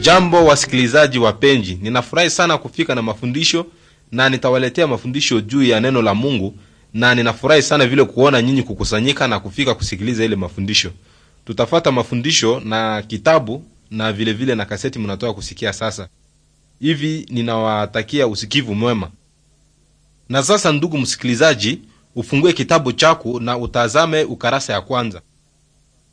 Jambo wasikilizaji penji ninafurahi sana kufika na mafundisho na nitawaletea mafundisho juu ya neno la Mungu, na ninafurahi sana vile kuona nyinyi kukusanyika na kufika kusikiliza ile mafundisho. Tutafata mafundisho na kitabu na vilevile vile na kaseti mnatoka kusikia sasa hivi. Ninawatakia usikivu mwema. Na sasa, ndugu msikilizaji, ufungue kitabu chako na utazame ukarasa ya kwanza.